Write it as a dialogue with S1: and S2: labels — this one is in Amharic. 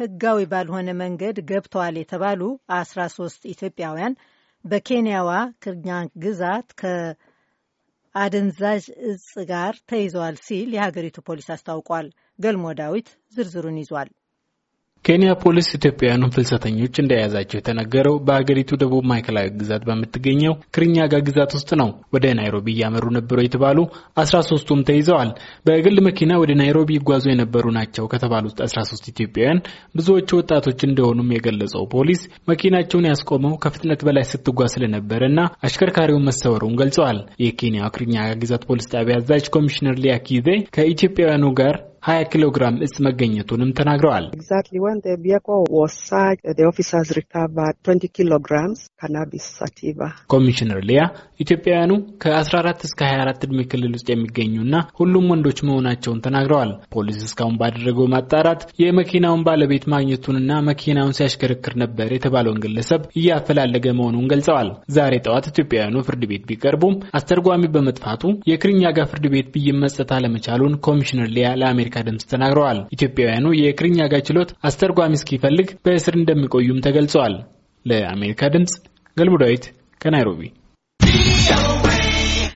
S1: ህጋዊ ባልሆነ መንገድ ገብተዋል የተባሉ 13 ኢትዮጵያውያን በኬንያዋ ክርኛ ግዛት ከአደንዛዥ እጽ ጋር ተይዘዋል ሲል የሀገሪቱ ፖሊስ አስታውቋል። ገልሞ ዳዊት ዝርዝሩን ይዟል።
S2: ኬንያ ፖሊስ ኢትዮጵያውያኑን ፍልሰተኞች እንደያዛቸው የተነገረው በሀገሪቱ ደቡብ ማዕከላዊ ግዛት በምትገኘው ክርኛጋ ግዛት ውስጥ ነው። ወደ ናይሮቢ እያመሩ ነበሩ የተባሉ አስራ ሶስቱም ተይዘዋል። በግል መኪና ወደ ናይሮቢ ይጓዙ የነበሩ ናቸው ከተባሉት አስራ ሶስት ኢትዮጵያውያን ብዙዎቹ ወጣቶች እንደሆኑም የገለጸው ፖሊስ መኪናቸውን ያስቆመው ከፍጥነት በላይ ስትጓዝ ስለነበረ ና አሽከርካሪውን መሰወሩን ገልጸዋል። የኬንያ ክሪኛጋ ግዛት ፖሊስ ጣቢያ አዛዥ ኮሚሽነር ሊያኪዜ ከኢትዮጵያውያኑ ጋር 20 ኪሎ ግራም እጽ መገኘቱንም ተናግረዋል። ኮሚሽነር ሊያ ኢትዮጵያውያኑ ከ14 እስከ 24 እድሜ ክልል ውስጥ የሚገኙና ሁሉም ወንዶች መሆናቸውን ተናግረዋል። ፖሊስ እስካሁን ባደረገው ማጣራት የመኪናውን ባለቤት ማግኘቱንና መኪናውን ሲያሽከረክር ነበር የተባለውን ግለሰብ እያፈላለገ መሆኑን ገልጸዋል። ዛሬ ጠዋት ኢትዮጵያውያኑ ፍርድ ቤት ቢቀርቡም አስተርጓሚ በመጥፋቱ የክርኛ ጋር ፍርድ ቤት ብይን መስጠት አለመቻሉን ኮሚሽነር ሊያ ለአሜሪካ ለአሜሪካ ድምፅ ተናግረዋል። ኢትዮጵያውያኑ የክርኛ ጋይ ችሎት አስተርጓሚ እስኪፈልግ በእስር እንደሚቆዩም ተገልጸዋል። ለአሜሪካ ድምፅ ገልሙዳዊት ከናይሮቢ ከናይሮቢ